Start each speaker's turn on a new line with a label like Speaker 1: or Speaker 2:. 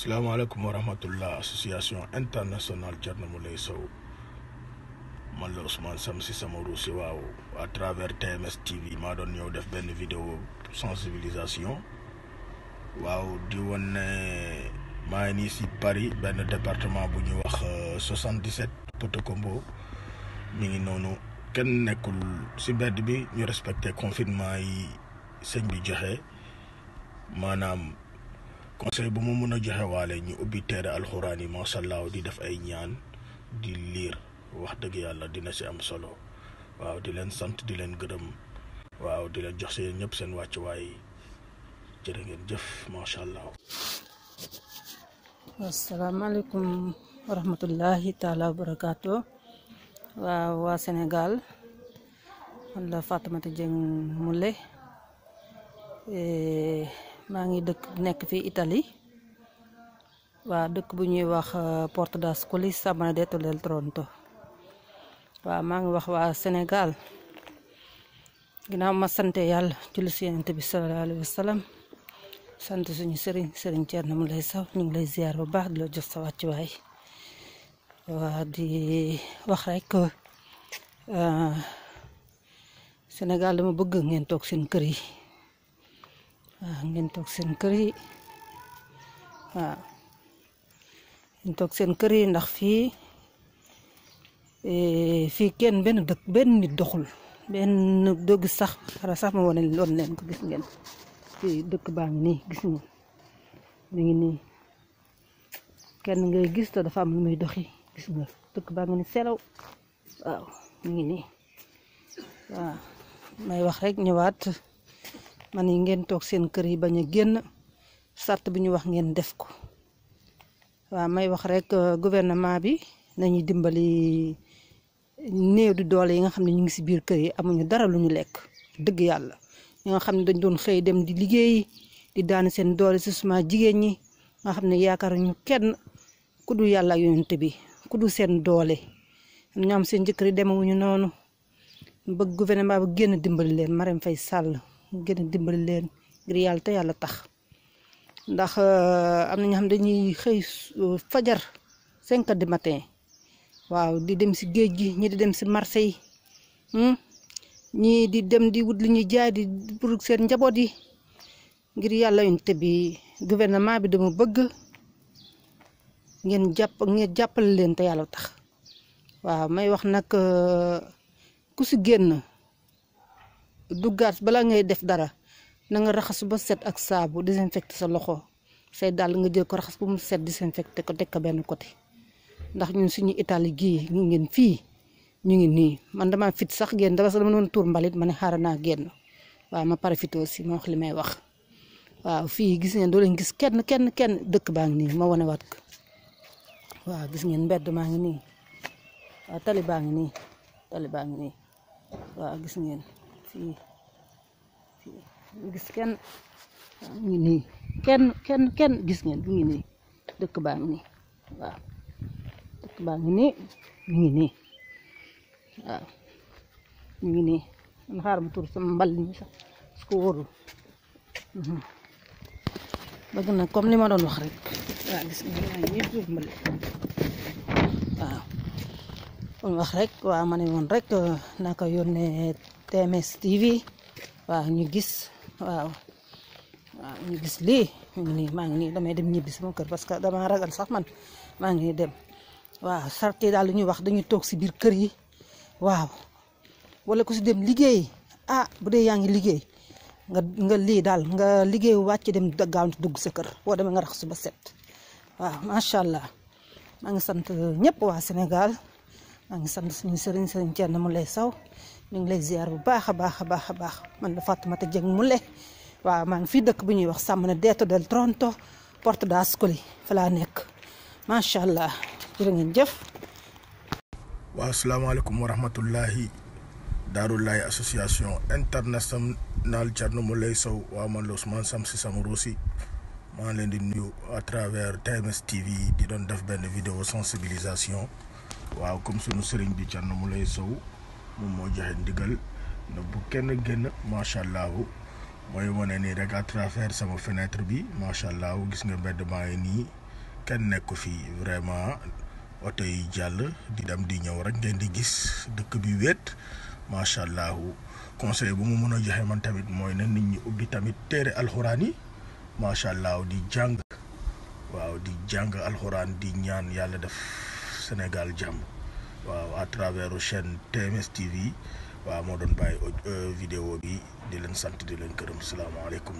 Speaker 1: salaamaaleykum wa rahmatullah association internationale Thierno Moulé Sow man la Ousmane si sama ruusi waaw à travers TMS TV maa doon ñëw def benn vidéo sensibilisation waaw di woon ne maa ngi si Paris benn département bu ñuy wax 77 euh, Pot-au-Combo mi ngi noonu kenn nekkul si mbedd bi ñu respecté confinement yi sëñ bi joxe maanaam. conseil bu mu mën a joxe ñu ubbi téere alxuraan yi maasallaaw di def ay ñaan di liir wax dëgg yàlla dina si am solo waaw di leen sant di leen gërëm waaw di leen jox seen ñëpp seen wàccuwaay jërë ngeen jëf macha allah.
Speaker 2: asalaamaaleykum wa rahmatullahi taala wa barakaatu waaw waa Sénégal man la Fatoumata Dieng maa ngi dëkk nekk fii itali waa dëkk bu ñuy wax euh, Porto d'Ascoli Sabaneto del Tronto waaw maa ngi wax waa Sénégal ginnaaw ma sante yàlla julli si yonent bi sallallahu alayhi wa sallam sant suñu sëriñ sëriñ Thierno mu lay saw ñu ngi lay ziar bu baax di la sa wàccuwaay waa di wax rek euh, Sénégal dama bëgg ngeen toog seen kër yi Ah, ngeen kër yi waaw ngeen toog seen kër yi ndax fii eh, fii kenn benn dëkk benn doxul benn dogg sax xara sax ma wane loon leen ko gis ngeen fii dëkk baa ngi nii gis ngeen mi ngi nii kenn ngay gis te dafa am lu muy doxi gis nga dëkk baa ngi nii selaw waaw mi ngi nii waaw may wax rek ñëwaat man yi ngeen toog seen kër yi bañ a génn sart bi ñu wax ngeen def ko waaw may wax rek euh, gouvernement bi nañuy dimbali néew di doole yi nga xam ne ñu ngi si biir kër yi amuñu dara lu ñu lekk dëgg yàlla ñi nga xam ne dañ doon xëy dem di liggéey di daan seen doole si suma jigéen ñi nga xam ne yaakaaruñu kenn ku yàlla ak bi ku dul seen doole ñoo am seen jëkkër yi demewuñu noonu bëgg gouvernement bi génn dimbali leen Marème Faye Sall ngir dimbali leen ngir yàlla te yàlla tax ndax euh, am na ñoo xam dañuy xëy euh, fajar cinq heures matin waaw di dem si géej gi ñi di dem si marché yi hmm? ñii di dem di wut li ñuy jaay di pour seen njaboot yi ngir yàlla unité bi gouvernement bi dama bëgg ngeen jàpp ngeen jàppale leen te yàlla tax waaw may wax nag euh, ku si génn. duggaat balaa ngay def dara na nga raxasu ba set ak saabu désinfecté sa loxo say dàll nga jël ko raxas ba mu set désinfecté ko teg ko benn côté ndax ñun suñu Italie gii ñu ngeen fii ñu ngi nii man damaa fit sax génn dama sax dama doon tuur mbalit ma ne xaaral naa génn waaw ma pare fit si ma wax li may wax waaw fii gis ngeen doo leen gis kenn kenn kenn dëkk baa ngi nii ma wane waat ko waaw gis ngeen mbedd maa ngi nii tali baa ngi nii tali baa ngi nii waaw ngeen. fii fii ñu gis kenn ngi nii kenn kenn gis ngeen mu ngi nii dëkk baa ngi nii ngi nii mu ngi nii waaw ma tur sama mbal mi sax su ko wóorul mhm. bëgg na comme li doon wax rek waaw gis nga waaye tur mbal waaw kon ma ne woon rek euh, naka yónnee TMS TV waaw ñu gis waaw ñu gis lii ñu ngi maa ngi nii damay dem ñibbi sama kër parce que dama ragal sax man maa ngi nii dem waaw sarte daal lu ñuy wax dañuy toog si biir kër yi waaw wala ko si dem liggéey ah bu dee yaa ngi liggéey nga nga lii daal nga liggéey wàcc dem gaawantu dugg sa kër boo demee nga rax su ba set waaw macha allah maa ngi sant ñëpp waa Sénégal. maa ngi sant suñu sëriñ sëriñ Thierno Moule Sow ñu ngi lay ziar bu baax a baax a baax a baax man la Fatoumata Dieng Moule waaw maa ngi fii dëkk bu ñuy wax Samana Detto del Tronto Porto d'Ascoli fa laa nekk macha allah jërë ngeen jëf.
Speaker 1: waaw salaamaaleykum wa rahmatullahi daarulaay association internationale Thierno Moule Sow waaw man la Ousmane Samsi Samourousi maa ngi leen di nuyu à travers TMS TV di doon def benn vidéo sensibilisation. waaw comme sunu sëriñ bi Thierno Mouleye Sow moom moo joxe ndigal na bu kenn génn macha allah mooy wane nii rek à sama fenêtre bi macha allah gis nga mbedd maa ngi nii kenn nekku fi vraiment oto jàll di dem di ñëw rek ngeen di gis dëkk bi wéet macha allah conseil bu mu mën a joxe man tamit mooy na nit ñi ubbi tamit téere alxuraan yi macha allah di jàng waaw di jàng alxuraan di ñaan yàlla def. Sénégal jàmm waaw à travers chaîne TMS TV waaw moo doon bàyyi euh, vidéo bi di leen sant di leen gërëm salaamaaleykum